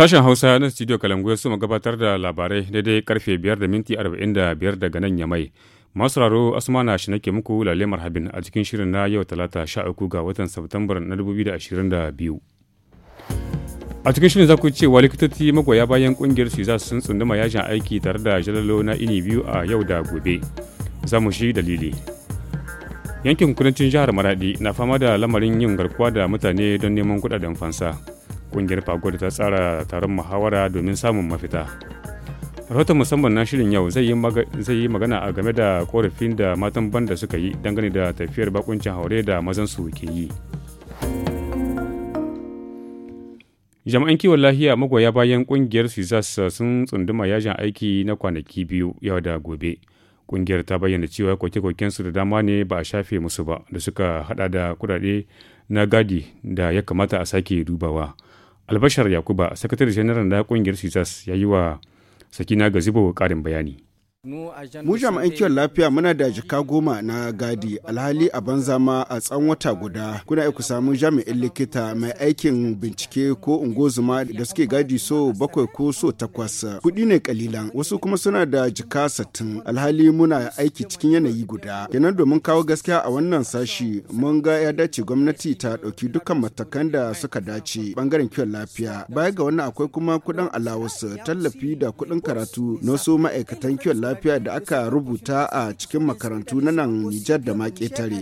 Sashen Hausa na Studio Kalangu ya suma gabatar da labarai daidai karfe 5 da minti 45 daga nan Yamai. Masu raro Asmana shi nake muku lalle marhabin a cikin shirin na yau talata 13 ga watan Satumbar na 2022. A cikin shirin za ku cewa likitoci magoya bayan kungiyar su za sun tsunduma yajin aiki tare da jalalo na ini biyu a yau da gobe. Za mu shi dalili. Yankin kudancin jihar Maradi na fama da lamarin yin garkuwa da mutane don neman kudaden fansa. Ƙungiyar da ta tsara taron muhawara domin samun mafita. rahoton musamman na shirin yau zai yi magana a game da korafin da matan banda suka yi dangane da tafiyar bakuncin haure da mazan su ke yi jama'an kiwon lahiya magoya bayan kungiyar sizas sun tsunduma yajin aiki na kwanaki biyu yau da gobe kungiyar ta bayyana cewa koke koken su da dama ne ba a shafe musu ba da suka hada da kudade na gadi da ya kamata a sake dubawa. albashar yakuba sakatare janar da kungiyar sisas ya yi wa sakina gazibo karin bayani Mu jami'an kiwon lafiya muna da jika goma na gadi alhali a banza ma a tsawon wata guda kuna iya ku samu jami'in likita mai aikin bincike ko ungozuma da suke gadi so bakwai ko so takwas kuɗi ne kalilan wasu kuma suna da jika satin alhali muna aiki cikin yanayi guda kenan domin kawo gaskiya a wannan sashi mun ga ya dace gwamnati ta ɗauki dukkan matakan da suka dace bangaren kiwon lafiya baya ga wannan akwai kuma kuɗin alawus tallafi da kuɗin karatu na wasu ma'aikatan kiwon lafiya lafiya da aka rubuta a cikin makarantu na nan Nijar da ma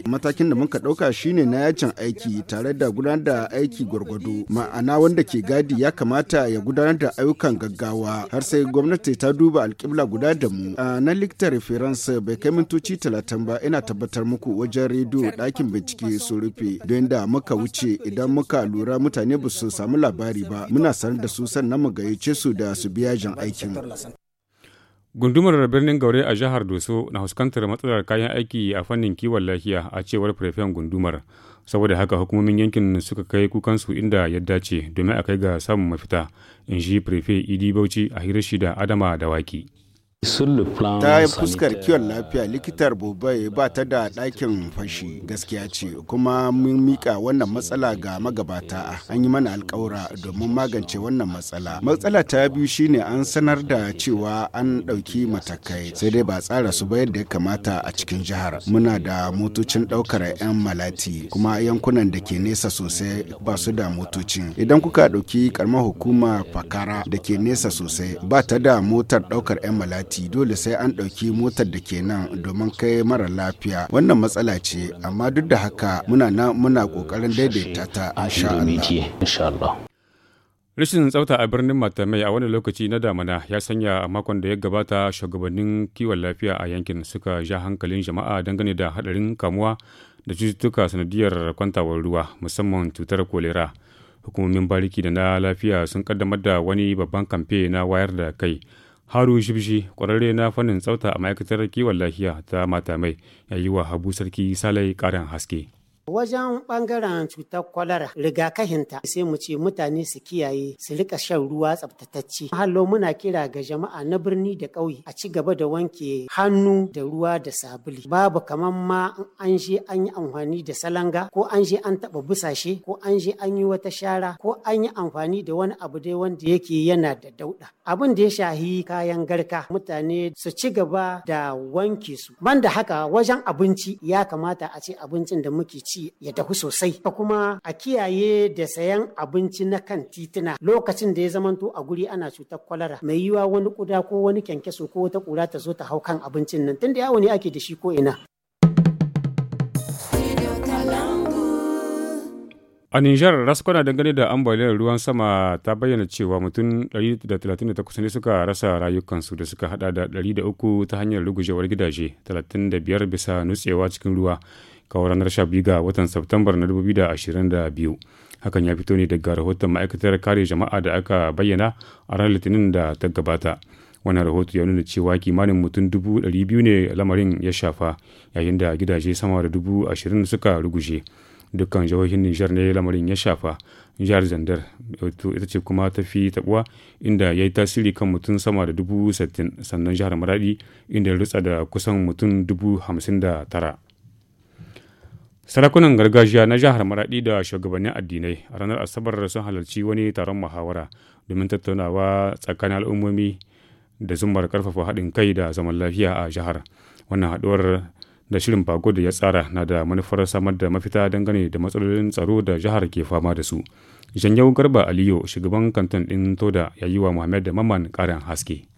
Matakin da muka ɗauka shine na yajin aiki tare da gudanar da aiki gwargwado. Ma'ana wanda ke gadi ya kamata ya gudanar da ayyukan gaggawa har sai gwamnati ta duba alƙibla guda da mu. A na Likta Reference bai kai mintoci talatin ba ina tabbatar muku wajen rediyo ɗakin bincike su rufe don da muka wuce idan muka lura mutane ba su samu labari ba muna sanar da su sannan mu gayyace su da su biya jan aikin. Gundumar birnin Gaure a jihar Doso na huskantar matsalar kayan aiki a fannin kiwon lafiya a cewar firfen gundumar. Saboda haka hukumomin yankin suka kai kukansu inda ya dace domin a kai ga samun mafita, in shi firfe Idi Bauchi a hirashi da Adama da Waki. ta yi fuskar kiwon lafiya likitar bobai ba ta da ɗakin fashi gaskiya ce kuma mun mika wannan matsala ga magabata an yi mana alkawura domin magance wannan matsala matsala ta biyu shine an sanar da cewa an ɗauki matakai sai dai ba tsara su ba yadda ya kamata a cikin jihar muna da motocin ɗaukar 'yan malati kuma yankunan da ke nesa sosai ba su da motocin idan kuka ɗauki karamar hukuma fakara da ke nesa sosai ba ta da motar ɗaukar 'yan malati asibiti dole sai an ɗauki motar da ke nan domin kai mara lafiya wannan matsala ce amma duk da haka muna na muna ƙoƙarin daidaita ta insha Allah. Rashin tsafta a birnin Matamai a wani lokaci na damana ya sanya a makon da ya gabata shugabannin kiwon lafiya a yankin suka ja hankalin jama'a dangane da hadarin kamuwa da cututtuka sanadiyar kwantawar ruwa musamman cutar kolera. Hukumomin bariki da na lafiya sun kaddamar da wani babban kamfe na wayar da kai haru shibshi kwararre na fannin tsafta a ma'aikatar kiwon lafiya ta mata mai yi wa habu sarki salai karin haske Wajen bangaren cutar kwalara rigakahinta sai mu ce mutane su kiyaye su rika shan ruwa tsabtatacce. Hallo muna kira ga jama'a na birni da ƙauye a ci gaba da wanke hannu da ruwa da sabuli. Babu kaman ma an je an yi amfani da salanga ko an je an taba busashe ko an je an yi wata shara ko an yi amfani da wani abu dai wanda yake yana da Dauda. Abin da ya shahi kayan garka mutane su ci gaba da wanke su. Banda haka wajen abinci ya kamata a ce abincin da muke ci abinci ya tafi sosai ka kuma a kiyaye da sayan abinci na kan titina lokacin da ya zamanto a guri ana cutar kwalara mai yiwa wani kuda ko wani kyankyaso ko wata kura ta zo ta hau kan abincin nan tun tunda yawo ne ake da shi ko ina A Nijar, raskwana dangane da ambaliyar ruwan sama ta bayyana cewa mutum 138 ne suka rasa rayukansu da suka hada da 300 ta hanyar rugujewar gidaje, 35 bisa nutsewa cikin ruwa. kawo ranar 12 ga watan Satumbar na 2022. Hakan ya fito ne daga rahoton ma'aikatar kare jama'a da aka bayyana a ranar Litinin da ta gabata. Wannan rahoto ya nuna cewa kimanin mutum dubu ɗari biyu ne lamarin ya shafa yayin da gidaje sama da dubu ashirin suka ruguje. Dukkan jihohin Nijar ne lamarin ya shafa. Jihar Zandar ita ce kuma ta fi taɓuwa inda ya yi tasiri kan mutum sama da dubu sittin sannan jihar Maradi inda ya rutsa da kusan mutum dubu hamsin da tara. sarakunan gargajiya na jihar maraɗi da shugabannin addinai a ranar asabar sun halarci wani taron muhawara domin tattaunawa tsakanin al'ummomi da zumar karfafa haɗin kai da zaman lafiya a jihar wannan haɗuwar da shirin bago da ya tsara na da manufar samar da mafita dangane da matsalolin tsaro da jihar ke fama da su janyau garba aliyu shugaban kantin ɗin toda ya yi wa muhammad da maman ƙarin haske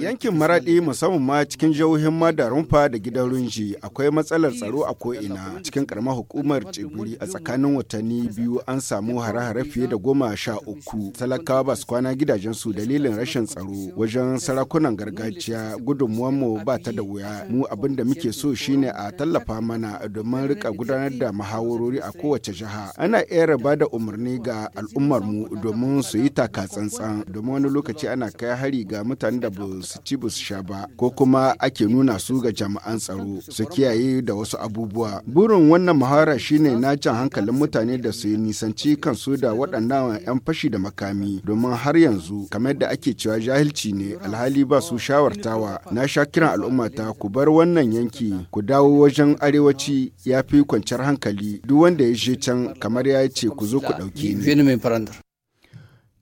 Yankin Maraɗi musamman ma cikin jihohin Madarunfa da gidan Runji akwai matsalar tsaro a ko'ina cikin karamar hukumar Tsibiri a tsakanin watanni biyu an samu hare-hare fiye da goma sha uku. Talakawa ba su kwana gidajensu dalilin rashin tsaro wajen sarakunan gargajiya gudunmuwan mu ba ta da wuya. Mu abin da muke so shine a tallafa mana domin rika gudanar da muhawarori a kowace jiha. Ana iya raba da umarni ga al'ummar mu domin su yi taka tsantsan domin wani lokaci ana kai hari ga mutane mutanen da ba su ci ba su sha ba ko kuma ake nuna su ga jami'an tsaro su kiyaye da wasu abubuwa. Burin wannan muhawara shine na can hankalin mutane da su nisanci kansu da waɗannan 'yan fashi da makami domin har yanzu kamar da ake cewa jahilci ne alhali ba su shawartawa na sha kiran al'ummata ku bar wannan yanki ku dawo wajen arewaci ya fi kwanciyar hankali duk wanda ya je can kamar ya ce ku zo ku ɗauke ni.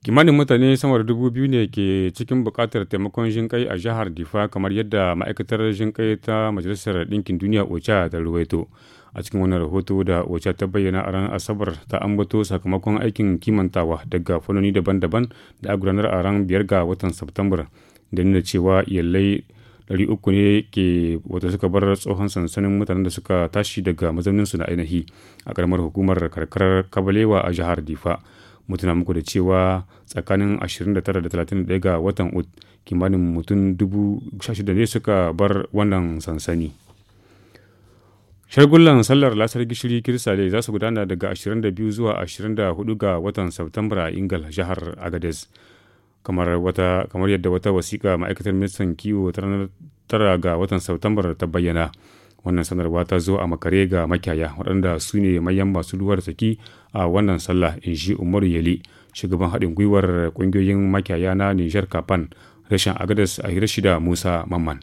kimanin mutane sama da dubu biyu ne ke cikin bukatar taimakon jinƙai a jihar difa kamar yadda ma'aikatar jinƙai ta majalisar ɗinkin duniya ocha ta ruwaito a cikin wani rahoto da ocha ta bayyana a ranar asabar ta ambato sakamakon aikin kimantawa daga fanoni daban-daban da a gudanar a ran biyar ga watan september da nuna cewa iyalai ɗari uku ne ke wata suka bar tsohon sansanin mutanen da suka tashi daga mazauninsu na ainihi a karamar hukumar karkarar kabalewa a jihar difa mutuna muku da cewa tsakanin 29 da 31 ga watan ut kimanin mutum 16 ne suka bar wannan sansani shagullan sallar lasar gishiri kirsale za su gudana daga 22 zuwa 24 ga watan septambra a ingal jihar agades kamar yadda wata wasiƙa ma'aikatar ministan kiwo ta ranar 9 ga watan septambar ta bayyana wannan sanarwa ta zo a makare ga makiyaya waɗanda su ne mayan masu luwar saki a wannan sallah in shi umaru yali shugaban haɗin gwiwar ƙungiyoyin makiyaya na nijar kafan rashin agadas a shida musa mamman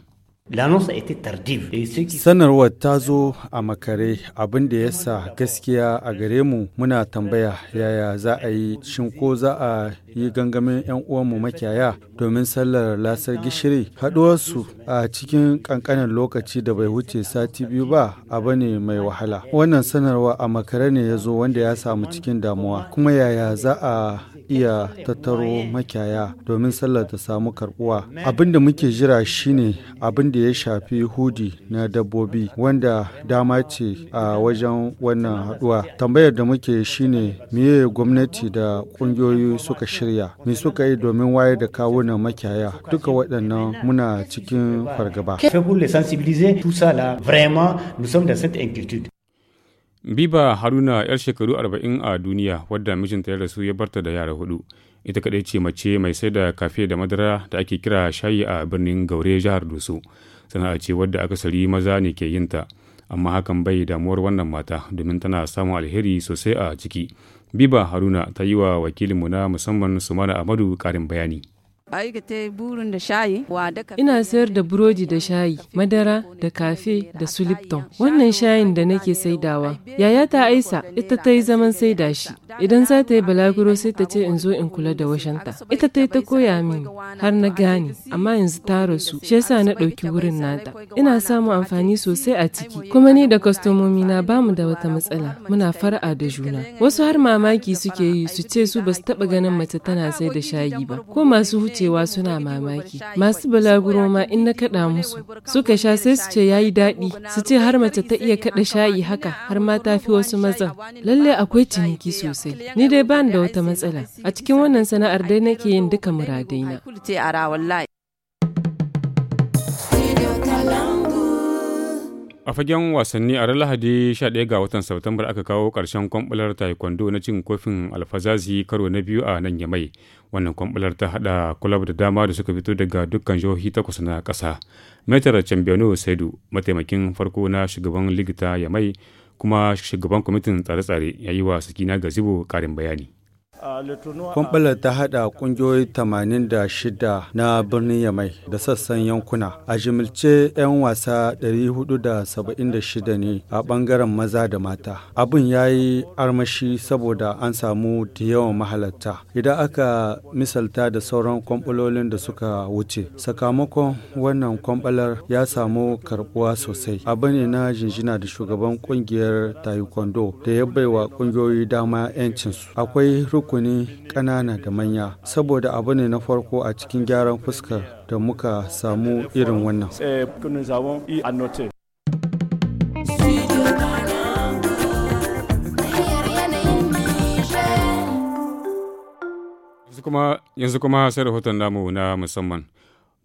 Sanarwar ta zo a makare abin da ya sa gaskiya a gare mu muna tambaya yaya za a yi shin ko za a yi gangamin 'yan uwanmu makiyaya domin sallar lasar gishiri haɗuwarsu a cikin ƙanƙanar lokaci da bai wuce sati biyu ba abu ne mai wahala wannan sanarwa a makare ne ya zo wanda ya samu cikin damuwa kuma yaya za a iya tattaro makiyaya domin sallar ta samu karbuwa abin da muke jira shine abin da ya shafi hudi na dabbobi wanda dama ce a wajen wannan haduwa tambayar da muke shine meye gwamnati da kungiyoyi suka shirya me suka yi domin wayar da kawunan makiyaya duka waɗannan muna cikin fargaba Biba Haruna 'yar shekaru 40 a duniya wadda mijinta ya rasu ya barta da yara hudu. ita kaɗai ce mace mai sai da kafe da madara da ake kira shayi a birnin gaure jihar doso sana'a ce wadda akasari maza ne ke yin ta amma hakan bai damuwar wannan mata domin tana samun alheri sosai a ciki biba haruna ta yi wa wakilinmu na musamman sumana amadu karin bayani Ina sayar da burodi da shayi, madara da kafe da su Lipton. Wannan shayin da nake saidawa. Yaya ta Aisa ita ta yi zaman saida shi. Idan za ta yi balaguro sai ta ce in zo in kula da washanta. Ita ta yi ta koya min har na gane, amma yanzu ta rasu. Shi yasa na ɗauki wurin nata. Ina samun amfani sosai a ciki. Kuma ni da kwastomomi na ba mu da wata matsala. Muna fara'a da juna. Wasu har mamaki suke yi su ce su basu taɓa ganin mace tana sai da shayi ba. Ko masu cewa suna mamaki. Masu balaguro ma in na kaɗa musu. Suka sha sai su ce yayi daɗi, su ce har mace ta iya kaɗa shayi haka har ma ta fi wasu mazan. Lalle akwai ciniki sosai. Ni dai bani da wata matsala. A cikin wannan sana'ar dai nake yin duka muradaina. A fagen wasanni a ran Lahadi 11 ga watan Satumbar aka kawo ƙarshen kwambular taekwondo na cin kofin alfazazi karo na biyu a nan Yamai. wannan kwambular ta hada kulab da dama da suka fito daga dukkan jihohi takwas na ƙasa metar chambiano saidu mataimakin farko na shugaban ligita ya mai kuma shugaban kwamitin tsare-tsare ya yi wa sakina gazibo karin bayani Kwamɓalar ta haɗa da 86 na birnin Yamai da sassan yankuna. A jimilce 'yan wasa 476 ne a ɓangaren maza da mata. Abin ya yi armashi saboda an samu da yawan mahalatta. Idan aka misalta da sauran kwamfalolin da suka wuce. Sakamakon wannan kwamfalar ya samu karbuwa sosai. Abin ne na jinjina da shugaban ƙungiyar Taekwondo da ya baiwa ƙungiyoyi dama 'yancinsu. Akwai rukuni uku ne ƙanana da manya saboda abu ne na farko a cikin gyaran fuskar da muka samu irin wannan. yanzu kuma sai rahoton namu na musamman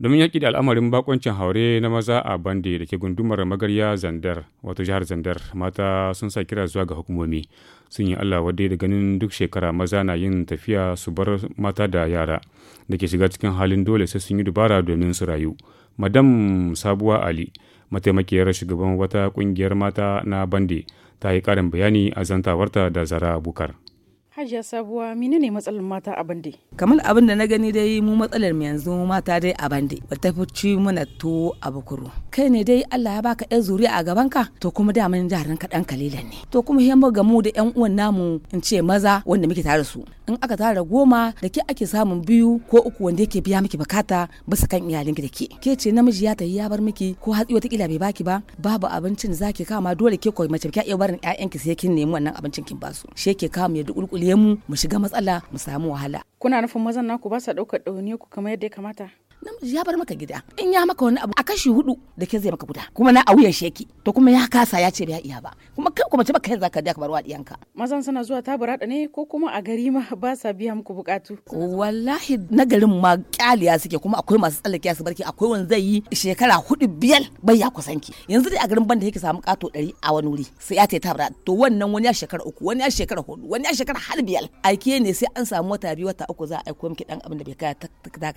domin yaƙi da al'amarin bakoncin haure na maza a bande da ke gundumar magarya zandar wato jihar zandar mata sun sa kira zuwa ga hukumomi sun yi allah wadai da ganin duk shekara maza na yin tafiya su bar mata da yara da ke shiga cikin halin dole sai sun yi dubara domin su rayu madam sabuwa ali mataimakiyar shugaban wata ƙungiyar mata na bande ta yi ƙarin bayani a zantawarta da zara bukar Hajiya Sabuwa menene matsalar mata a bande? Kamar abin da na gani dai mu matsalar mu yanzu mata dai a bande. Ba ta fi mana to a bukuru. Kai ne dai Allah ya baka ɗan zuriya a gaban ka to kuma da mun jaran ka dan kalilan ne. To kuma hemba ga mu da yan uwan namu in ce maza wanda muke tare su. In aka tara goma da ke ake samun biyu ko uku wanda yake biya miki bukata ba su kan iyalin ki da ke. Ke ce namiji ya tafi ya bar miki ko hatsi wata kila bai baki ba babu abincin da zaki kama dole ke koyi mace ki iya barin ƴaƴanki sai kin nemi wannan abincin kin basu. Shi yake kama ya dukulkul lemu mu mu shiga matsala mu samu wahala kuna nufin mazan naku ba sa ɗaukar ɗauniyar ku kamar yadda ya kamata namiji ya bar maka gida in ya maka wani abu a kashi hudu da ke zai maka guda kuma na a wuyan sheki to kuma ya kasa ya ce ya iya ba kuma kai kuma ce baka zaka da ka bar wa mazan suna zuwa burada ne ko kuma a gari ma ba sa biya muku bukatu wallahi na garin ma kyaliya suke kuma akwai masu tsallakiya su barki akwai wani zai yi shekara hudu biyar bai ya kusanki yanzu dai a garin banda yake samu kato ɗari a wani wuri sai ya ta burada to wannan wani ya shekara uku wani ya shekara hudu wani ya shekara har biyar aike ne sai an samu wata biyu wata uku za a aiko miki dan abin da bai kaya ta ba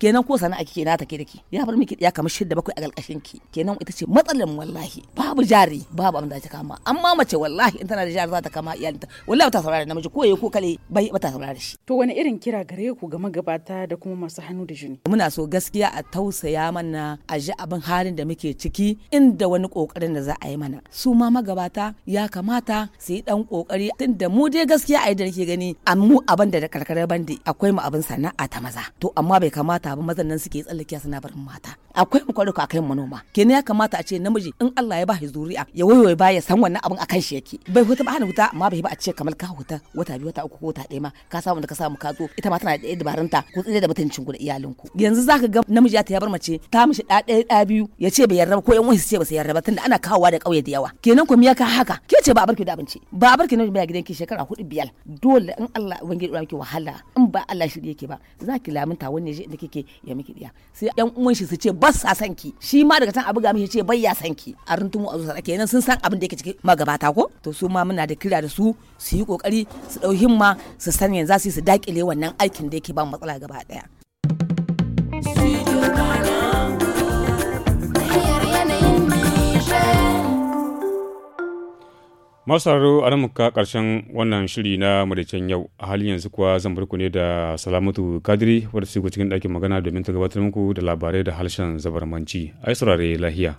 kenan ko sana'a kike na take dake ya bar miki ya kamar shidda bakwai a galkashin ki kenan ita ce matsalar wallahi babu jari babu abin da ta kama amma mace wallahi in tana da jari za ta kama iyalinta wallahi ta saurara namiji ko yayi ko kale bai ba ta saurara shi to wani irin kira gare ku ga magabata da kuma masu hannu da jini muna so gaskiya a tausaya mana a ji abin halin da muke ciki inda wani kokarin da za a yi mana su ma magabata ya kamata su yi dan kokari tunda mu dai gaskiya a da nake gani a mu abin da karkarar bandi akwai mu abin sana'a ta maza to amma bai kamata ba mazan nan suke tsallakiya suna barin mata akwai kwakwaruka akan manoma kenan ya kamata a ce namiji in Allah ya ba shi zuri'a ya wayoyi ba ya san wannan abin akan shi yake bai huta ba hana huta amma bai ba a ce kamar ka huta wata biyu wata uku ko wata ɗaya ma ka samu da ka samu ka zo ita ma tana da dabarun ta ko tsire da mutuncin ku da iyalinku yanzu zaka ga namiji ta ya bar mace ta mishi ɗa ɗaya ɗa biyu ya ce bai yarda ko yan wani ce ba su yarda ba tunda ana kawowa da ƙauye da yawa kenan ku miya ka haka ke ce ba a barki da abinci ba a barki namiji ba gidanki shekara hudu biyar dole in Allah ubangiji ya ki wahala in ba Allah shirye yake ba za ki lamunta je inda kike ya miki diya sai yan uwan shi su ce ba sa san ki shi ma daga can abu ga mishi ce bai ya san ki a runtumu a zuwa kenan sun san abin da yake cikin magabata ko to su ma muna da kira da su su yi kokari su dau himma su san za su dakile wannan aikin da yake ba matsala gaba daya masararo a nan muka karshen wannan shiri na madaicen yau a halin yanzu kuwa zan barku ne da salamatu kadiri wadda su cikin ɗakin magana domin ta gabatar muku da labarai da harshen zabarmanci ai saurare lahiya.